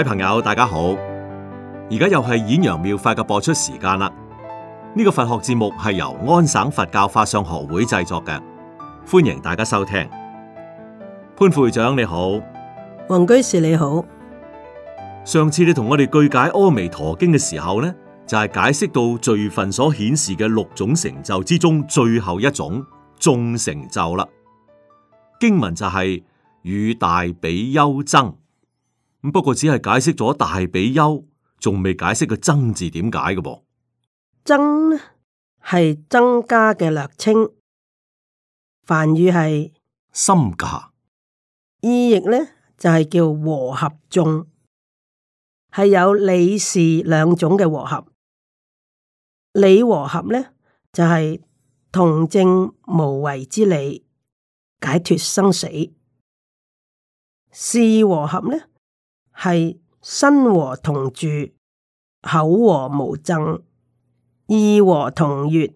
各位朋友，大家好！而家又係《演揚妙法》嘅播出時間啦。呢、這個佛學節目係由安省佛教法相學會製作嘅，歡迎大家收聽。潘副會長你好，王居士你好。上次你同我哋句解《阿彌陀經》嘅時候呢，就係、是、解釋到序分所顯示嘅六種成就之中最後一種眾成就啦。經文就係、是、與大比丘僧。不過只係解釋咗大比丘，仲未解釋個僧字點解嘅噃。僧係僧伽嘅略稱，梵語係僧伽。意譯咧就係、是、叫和合眾，係有理事兩種嘅和合。理和合咧就係、是、同證無為之理，解脫生死。事和合咧。係身和同住，口和無諍，意和同悅，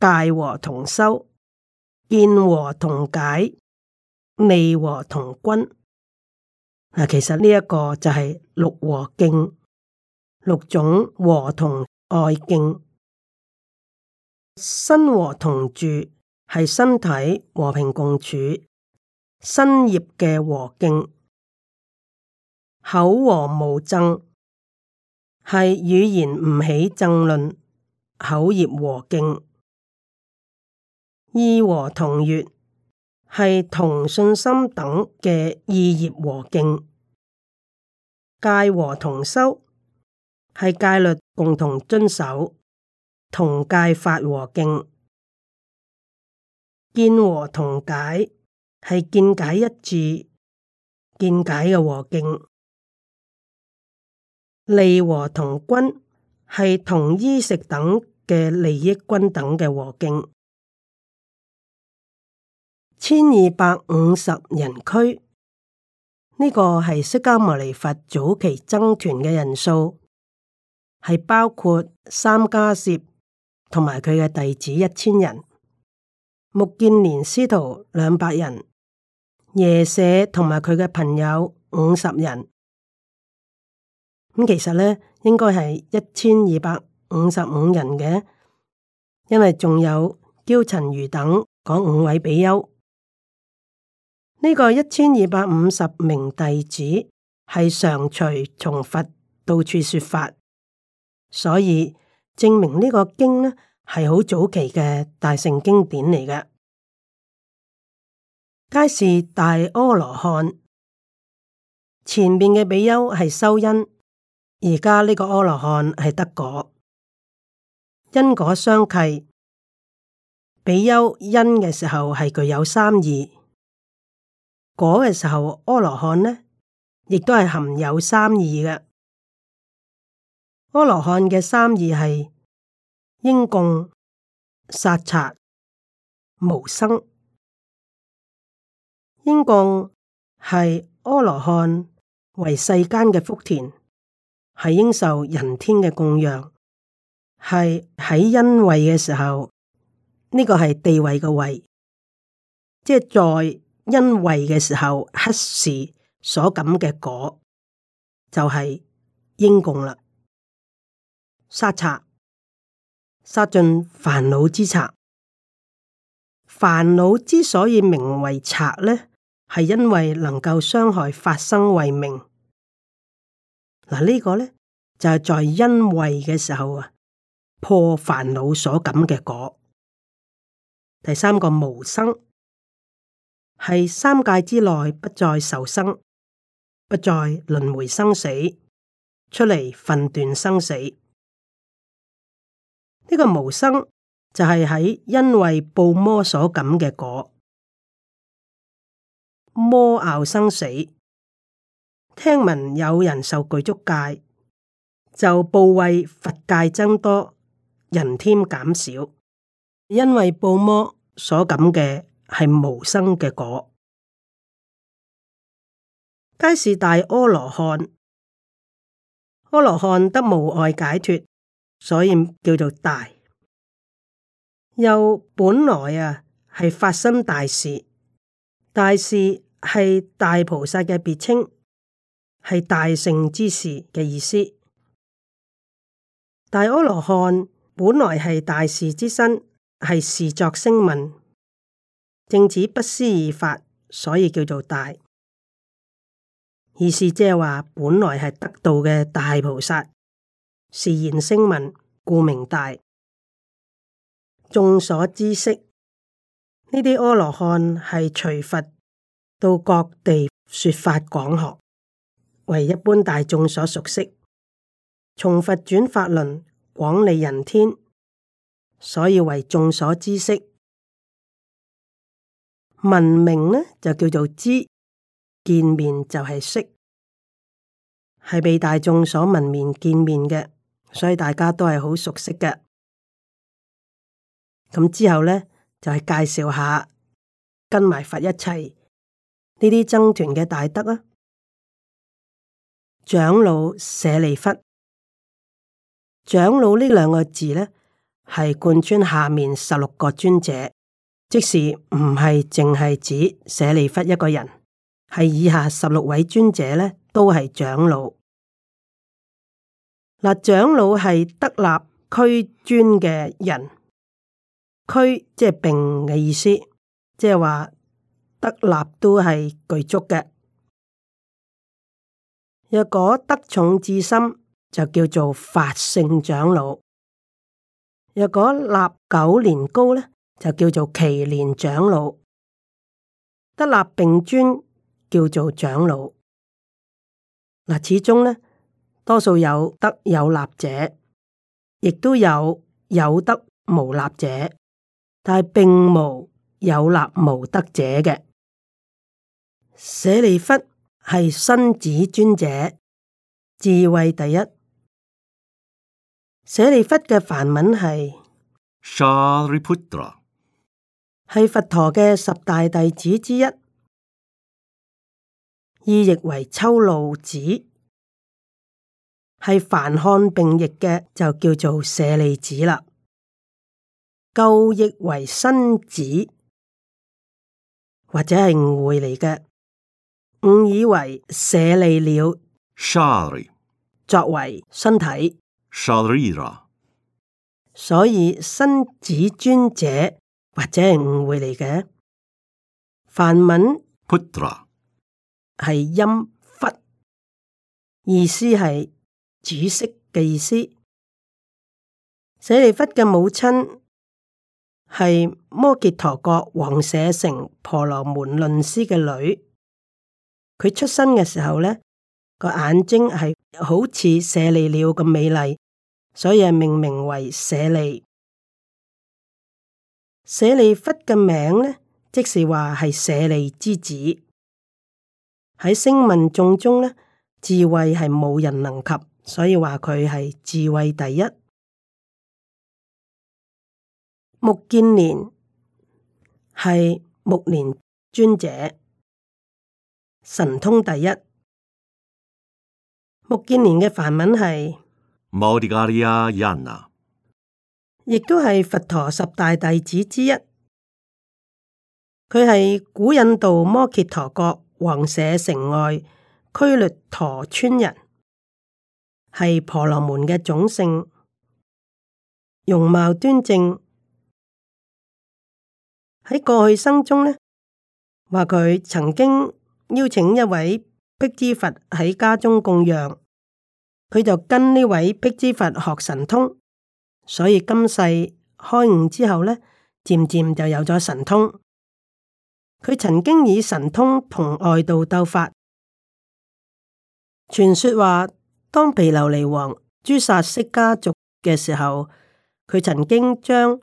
戒和同修，見和同解，利和同均。嗱，其實呢一個就係六和敬，六種和同愛敬。身和同住係身體和平共處，身業嘅和敬。口和無爭係語言唔起爭論，口業和敬；意和同悅係同信心等嘅意業和敬；戒和同修係戒律共同遵守，同戒法和敬；見和同解係見解一致，見解嘅和敬。利和同均係同衣食等嘅利益均等嘅和敬，千二百五十人俱呢、這個係釋迦牟尼佛早期僧團嘅人數，係包括三迦葉同埋佢嘅弟子一千人，目犍連師徒兩百人，耶舍同埋佢嘅朋友五十人。咁其實咧，應該係一千二百五十五人嘅，因為仲有憍陳如等嗰五位比丘。呢個一千二百五十名弟子係常隨從佛到處說法，所以證明呢個經咧係好早期嘅大乘經典嚟嘅。皆是大阿羅漢，前面嘅比丘係修因。而家呢個阿羅漢係得果，因果相契。比丘因嘅時候係具有三義，果嘅時候阿羅漢呢，亦都係含有三義嘅。阿羅漢嘅三義係應供、殺賊、無生。應供係阿羅漢為世間嘅福田。係應受人天嘅供養，係喺因位嘅時候，呢、這個係地位嘅位，即係在因位嘅時候，乞士所感嘅果就係應供啦，殺賊，殺盡煩惱之賊。煩惱之所以名為賊呢，係因為能夠傷害法身慧命。嗱，個呢個咧就係、是，在因位嘅時候啊，破煩惱所感嘅果。第三個無生，係三界之內不再受生，不再輪迴生死，出嚟分段生死。呢、這個無生就係喺因位報魔所感嘅果，魔拗生死。聽聞有人受具足戒，就報為佛戒增多，人天減少。因為報魔所感嘅係無生嘅果，皆是大阿羅漢。阿羅漢得無礙解脫，所以叫做大。又本來啊係法身大事，大事係大菩薩嘅別稱。係大聖之時嘅意思。大阿羅漢本來係大士之身，係時作聲聞，正此不思而發，所以叫做大。意思即係話本來係得道嘅大菩薩，事言聲聞，故名大。眾所知識，呢啲阿羅漢係隨佛到各地說法講學，為一般大眾所熟悉，從佛轉法輪，廣利人天，所以為眾所知識。聞名呢，就叫做知，見面就係識，係被大眾所聞名見面嘅，所以大家都係好熟悉嘅。咁之後呢，就係、是、介紹下跟埋佛一齊呢啲僧團嘅大德啦、啊。長老舍利弗，長老呢兩個字呢，係貫穿下面十六個尊者，即使唔係淨係指舍利弗一個人，係以下十六位尊者呢，都係長老。嗱，長老係德立居尊嘅人，居即係並嘅意思，即係話德立都係具足嘅。若果得重至深，就叫做法性長老；若果立九年高咧，就叫做耆年長老。得立並尊，叫做長老。嗱，始終咧，多數有得有立者，亦都有有得無立者，但係並無有立無得者嘅。舍利弗係身子尊者，智慧第一。舍利弗嘅梵文係 Shariputra，係佛陀嘅十大弟子之一。意譯為秋露子，係梵漢並譯嘅就叫做舍利子啦。舊譯為身子，或者係誤會嚟嘅。誤以為舍利了，沙利作為身體，沙利拉，所以身子尊者或者係誤會嚟嘅。梵文 putra 係音佛，意思係紫色嘅意思。舍利弗嘅母親係摩揭陀國王舍城婆羅門論師嘅女，佢出生嘅時候咧，個眼睛係好似舍利鳥咁美麗，所以係命名為舍利。舍利弗嘅名咧，即是話係舍利之子。喺聲聞眾中咧，智慧係無人能及，所以話佢係智慧第一。目犍連係目連尊者。神通第一，目犍連嘅梵文係摩地加利亞耶納，亦都係佛陀十大弟子之一。佢係古印度摩羯陀國王舍城外拘律陀村人，係婆羅門嘅種姓，容貌端正。喺過去生中呢，話佢曾經。邀請一位辟支佛喺家中供養，佢就跟呢位辟支佛學神通，所以今世開悟之後呢，漸漸就有咗神通。佢曾經以神通同外道鬥法，傳說話，當被琉璃王誅殺釋迦族嘅時候，佢曾經將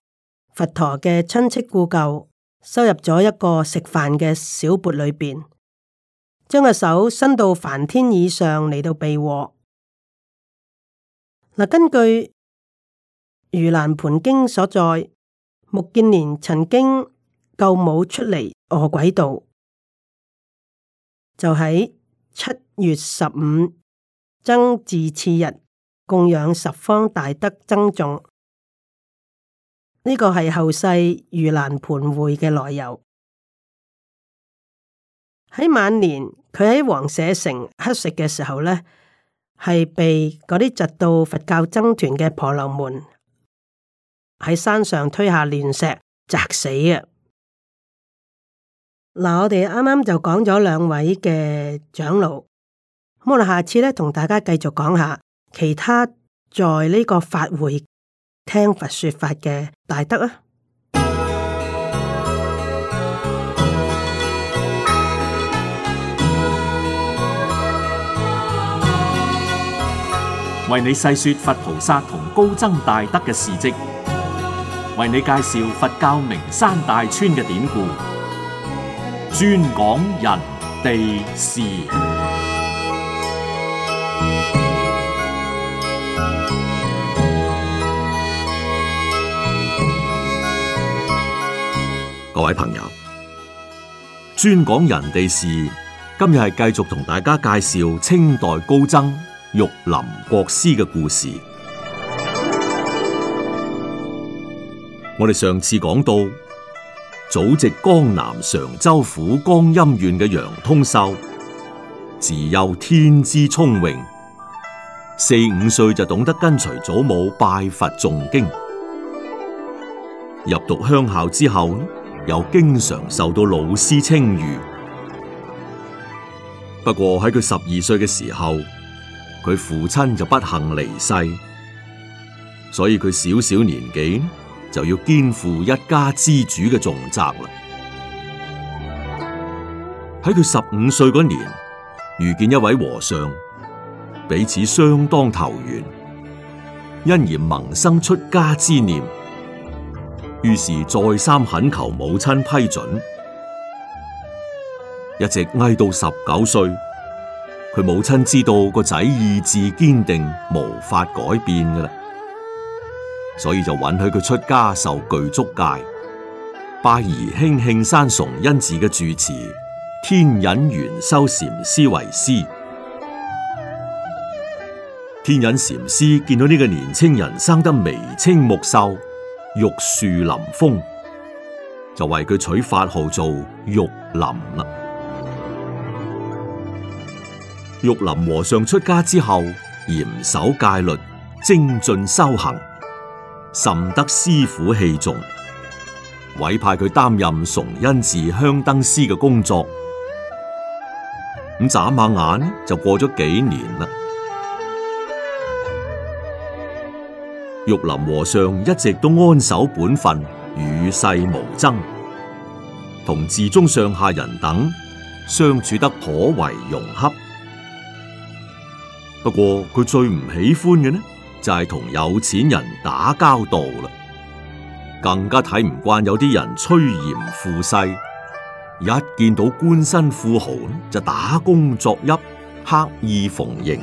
佛陀嘅親戚故舊收入咗一個食飯嘅小鉢裏邊。將個手伸到梵天以上嚟到避禍。根據《盂蘭盆經》所載，目犍連曾經救母出嚟餓鬼道，就喺七月十五僧自恣日供養十方大德僧眾。呢、這個係後世盂蘭盆會嘅來由。喺晚年，佢喺王舍城乞食嘅時候呢，係被嗰啲嫉妒佛教僧團嘅婆羅門喺山上推下亂石砸死啊！嗱、嗯，我哋啱啱就講咗兩位嘅長老，咁我哋下次咧同大家繼續講下其他在呢個法會聽佛說法嘅大德啊。為你細說佛菩薩同高僧大德嘅事跡，為你介紹佛教名山大川嘅典故，專講人地事。各位朋友，專講人地事，今日係繼續同大家介紹清代高僧。玉林國師嘅故事，我哋上次講到，祖籍江南常州府江陰縣嘅楊通秀，自幼天資聰穎，四五歲就懂得跟隨祖母拜佛誦經，入讀鄉校之後，又經常受到老師稱譽。不過喺佢十二歲嘅時候。佢父親就不幸離世，所以佢小小年紀就要肩負一家之主嘅重責。喺佢十五歲嗰年，遇見一位和尚，彼此相當投緣，因而萌生出家之念。於是再三懇求母親批准，一直捱到十九歲。佢母親知道個仔意志堅定，無法改變噶啦，所以就允許佢出家受具足戒。拜興慶山崇恩寺嘅住持天隱元修禪師為師，天隱禪師見到呢個年青人生得眉清目秀、玉樹臨風，就為佢取法號做玉林啦。玉林和尚出家之後，嚴守戒律，精進修行，甚得師傅器重，委派佢擔任崇恩寺香燈師嘅工作。咁眨下眼就過咗幾年啦。玉林和尚一直都安守本分，與世無爭，同寺中上下人等相處得頗為融洽。不過佢最唔喜歡嘅呢，就係同有錢人打交道啦，更加睇唔慣有啲人趨炎附勢，一見到官紳富豪就打躬作揖、刻意逢迎。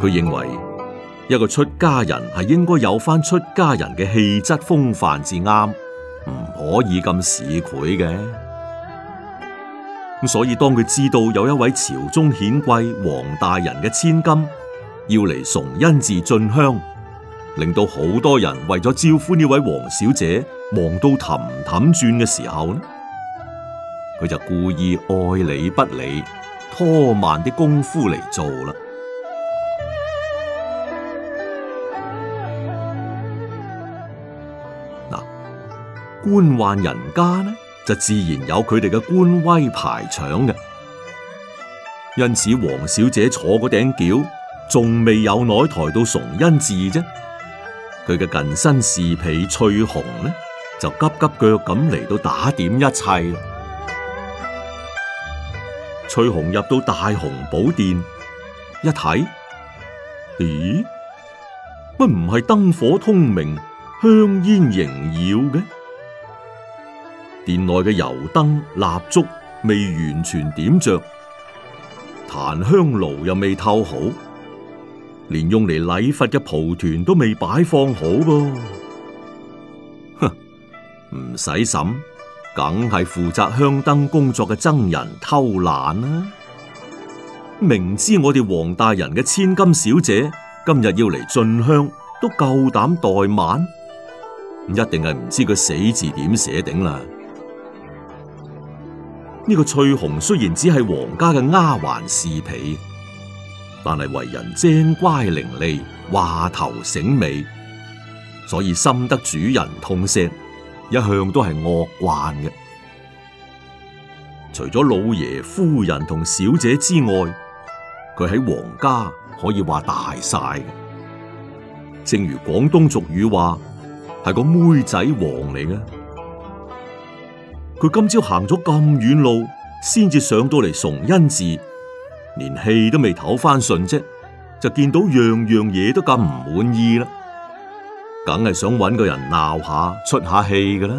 佢認為一個出家人係應該有返出家人嘅氣質風範至啱，唔可以咁市儈嘅。所以當佢知道有一位朝中顯貴王大人嘅千金要嚟崇恩寺進香，令到好多人為咗招呼呢位王小姐忙到氹氹轉嘅時候，佢就故意愛理不理，拖慢啲功夫嚟做啦。嗱、啊，官宦人家呢？就自然有佢哋嘅官威排場嘅，因此黃小姐坐個頂轎仲未有耐抬到崇恩寺啫，佢嘅近身侍婢翠紅呢就急急腳咁嚟到打點一切。翠紅入到大雄寶殿一睇，咦，乜唔係燈火通明、香煙縈繞嘅？殿內嘅油燈蠟燭未完全點着，檀香爐又未透好，連用嚟禮佛嘅蒲團都未擺放好噃。哼，唔使審，梗係負責香燈工作嘅僧人偷懶啦、啊。明知我哋黃大人嘅千金小姐今日要嚟進香，都夠膽怠慢，一定係唔知個死字點寫頂啦。呢個翠紅雖然只係皇家嘅丫鬟侍婢，但係為人精乖伶俐，話頭醒尾，所以深得主人痛錫。一向都係惡慣嘅。除咗老爺、夫人同小姐之外，佢喺皇家可以話大晒。正如廣東俗語話：係個妹仔王嚟嘅。佢今朝行咗咁遠路，先至上到嚟崇恩寺，連氣都未唞翻順啫，就見到樣樣嘢都咁唔滿意啦，梗係想揾個人鬧下出下氣噶啦。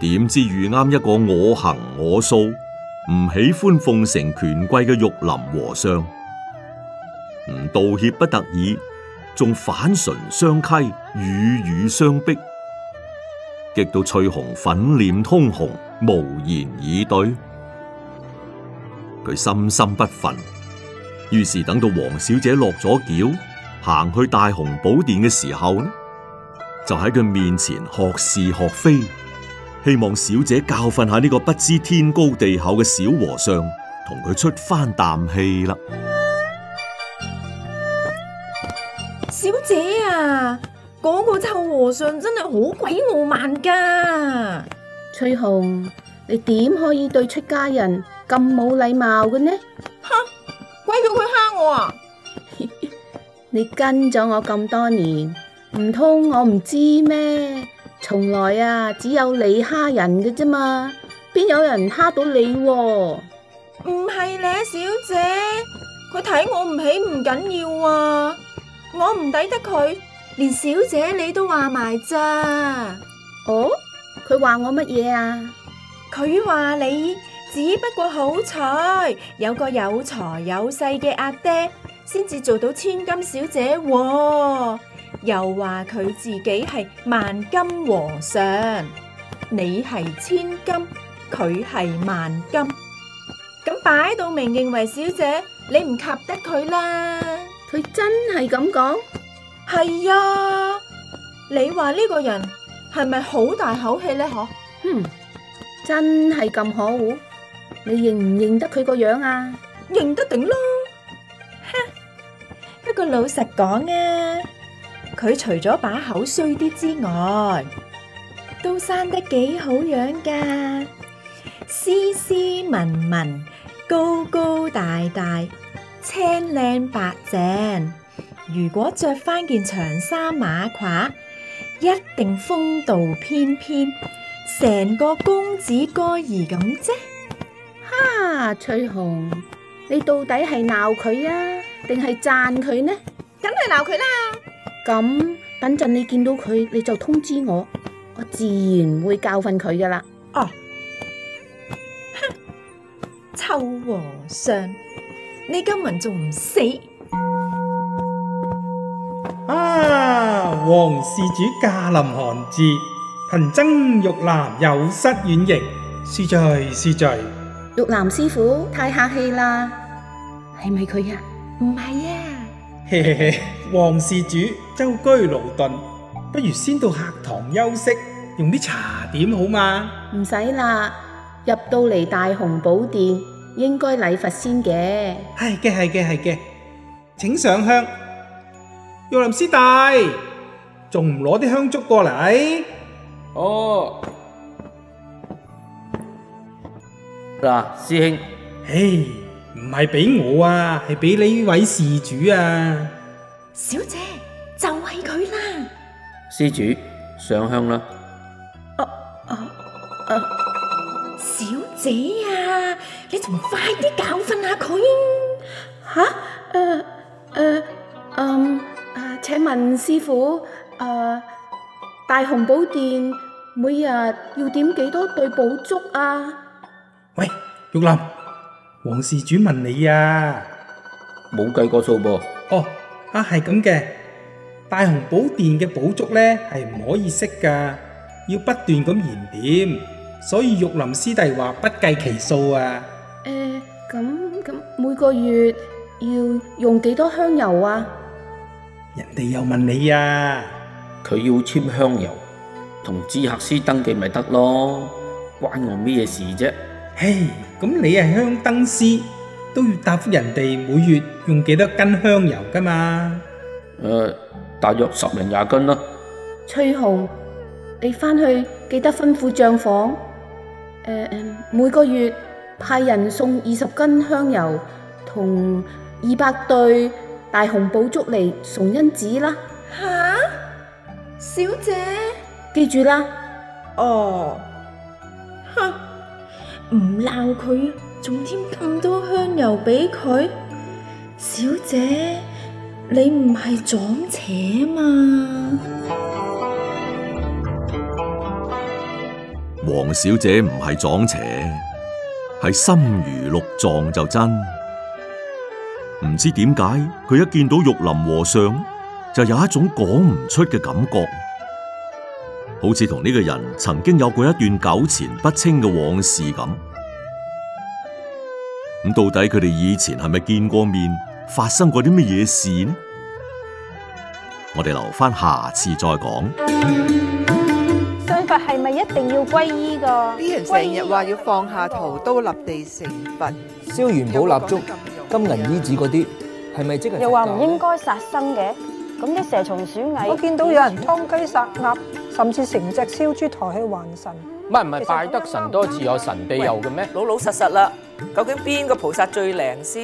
點知遇啱一個我行我素、唔喜歡奉承權貴嘅玉林和尚，唔道歉不得已，仲反唇相譏，語語相逼。激到翠紅粉臉通紅，無言以對。佢心心不忿，於是等到黃小姐落咗轎，行去大雄寶殿嘅時候，呢就喺佢面前學是學非，希望小姐教訓下呢個不知天高地厚嘅小和尚，同佢出翻啖氣啦。嗰個臭和尚真係好鬼傲慢噶，翠紅，你點可以對出家人咁冇禮貌嘅呢？吓，鬼叫佢蝦我啊！你跟咗我咁多年，唔通我唔知咩？從來啊，只有你蝦人嘅啫嘛，邊有人蝦到你？唔係咧，小姐，佢睇我唔起唔緊要啊，我唔抵得佢。連小姐你都話埋咋？哦，佢話我乜嘢啊？佢話你只不過好彩，有個有財有勢嘅阿爹，先至做到千金小姐喎。又話佢自己係萬金和尚，你係千金，佢係萬金，咁擺到明認為小姐你唔及得佢啦。佢真係咁講。係呀，啊，你話呢個人係咪好大口氣呢？嗬，嗯，真係咁可惡！你認唔認得佢個樣啊？認得定咯，哼！不過老實講啊，佢除咗把口衰啲之外，都生得幾好樣噶，斯斯文文，高高大大，青靚白淨。如果着翻件長衫馬褂，一定風度翩翩，成個公子哥兒咁啫。哈，翠紅，你到底係鬧佢啊，定係讚佢呢？梗係鬧佢啦。咁等陣你見到佢，你就通知我，我自然會教訓佢噶啦。哦，哼，臭和尚，你今日仲唔死？啊！黃施主駕臨寒寺，貧僧玉林有失遠迎，恕罪恕罪。玉林師傅太客氣啦，係咪佢呀？唔係呀。嘿嘿嘿，黃施主舟居勞頓，不如先到客堂休息，用啲茶點好嘛？唔使啦，入到嚟大雄寶殿，應該禮佛先嘅。係嘅係嘅係嘅，請上香。玉林師弟，仲唔攞啲香燭過嚟？哦，嗱，師兄，唉，唔係俾我啊，係俾你呢位施主啊。小姐，就係佢啦。施主，上香啦。哦哦哦，小姐啊，你仲快啲教訓下佢。吓，誒。請問師傅，誒，大雄寶殿每日要點幾多對寶燭啊？喂，玉林，黃事主問你啊，冇計過數噃。哦，啊係咁嘅，大雄寶殿嘅寶燭咧係唔可以熄噶要不斷咁燃點，所以玉林師弟話不計其數啊。誒，咁咁每個月要用幾多香油啊？人哋又問你呀，佢要簽香油同知客師登記咪得咯，關我咩事啫？嘿，咁你係香燈師都要答覆人哋每月用幾多斤香油噶嘛？誒，大約十零廿斤啦。翠紅，你翻去記得吩咐賬房，誒，每個月派人送二十斤香油同二百對。大雄寶竹嚟崇恩寺啦！吓，小姐，記住啦。哦，哼，唔鬧佢，仲添咁多香油畀佢。小姐，你唔係撞邪嘛？黃小姐唔係撞邪，係心如鹿撞就真。唔知點解佢一見到玉林和尚，就有一種講唔出嘅感覺，好似同呢個人曾經有過一段糾纏不清嘅往事咁。咁到底佢哋以前係咪見過面，發生過啲乜嘢事呢？我哋留翻下，下次再講。信佛係咪一定要皈依噶？呢啲人成日話要放下屠刀立地成佛，燒元寶蠟燭。金銀衣紙嗰啲係咪即係？又話唔應該殺生嘅，咁啲蛇蟲鼠蟻。我見到有人劏雞殺鴨，甚至成隻燒豬抬去還神。唔係唔係，拜得神多自有神庇佑嘅咩？老老實實啦，究竟邊個菩薩最靈先？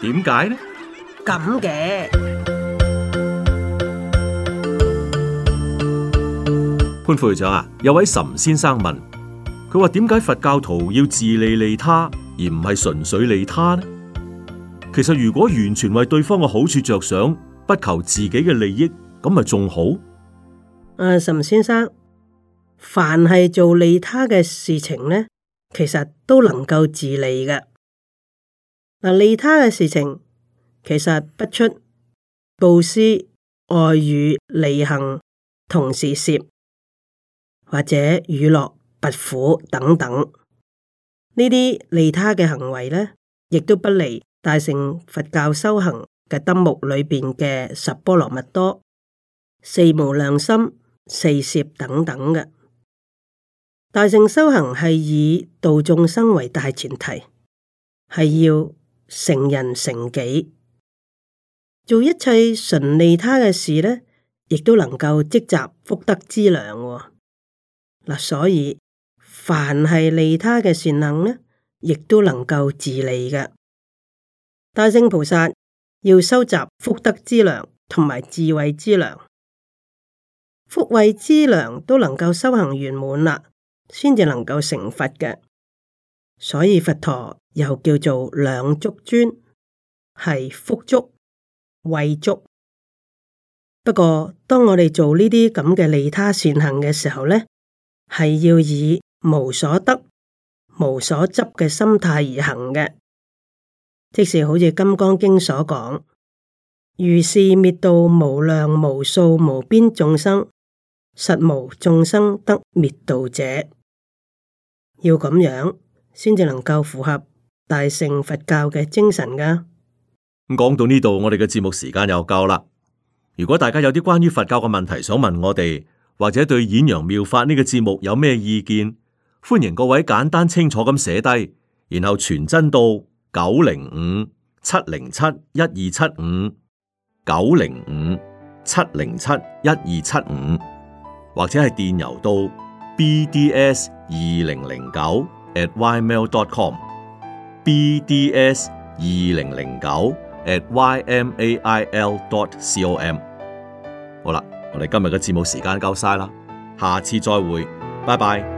點解呢？咁嘅潘副長啊，有位岑先生問。佢話點解佛教徒要自利利他而唔係純粹利他呢？其實如果完全為對方嘅好處着想，不求自己嘅利益，咁咪仲好。誒、啊，沈先生，凡係做利他嘅事情呢，其實都能夠自利嘅、啊。利他嘅事情其實不出布施、愛語、利行、同事攝，或者娛樂，拔苦等等呢啲利他嘅行為呢，亦都不利大乘佛教修行嘅德目裏邊嘅十波羅蜜多、四無量心、四攝等等嘅大乘修行係以度眾生為大前提，係要成人成己，做一切純利他嘅事呢，亦都能夠積集福德之糧喎。嗱，所以。凡係利他嘅善行呢，亦都能夠自利嘅。大聖菩薩要收集福德之糧同埋智慧之糧，福慧之糧都能夠修行圓滿啦，先至能夠成佛嘅。所以佛陀又叫做兩足尊，係福足、慧足。不過當我哋做呢啲咁嘅利他善行嘅時候呢，係要以。無所得、無所執嘅心態而行嘅，即是好似《金剛經》所講，如是滅度無量無數無邊眾生，實無眾生得滅度者。要咁樣先至能夠符合大乘佛教嘅精神噶。咁講到呢度，我哋嘅節目時間又夠啦。如果大家有啲關於佛教嘅問題想問我哋，或者對《衍陽妙法》呢個節目有咩意見？歡迎各位簡單清楚咁寫低，然後傳真到九零五七零七一二七五九零五七零七一二七五，75, 75, 或者係電郵到 bds 二零零九 at ymail.com，bds 二零零九 at ymail.com。好啦，我哋今日嘅節目時間夠晒啦，下次再會，拜拜。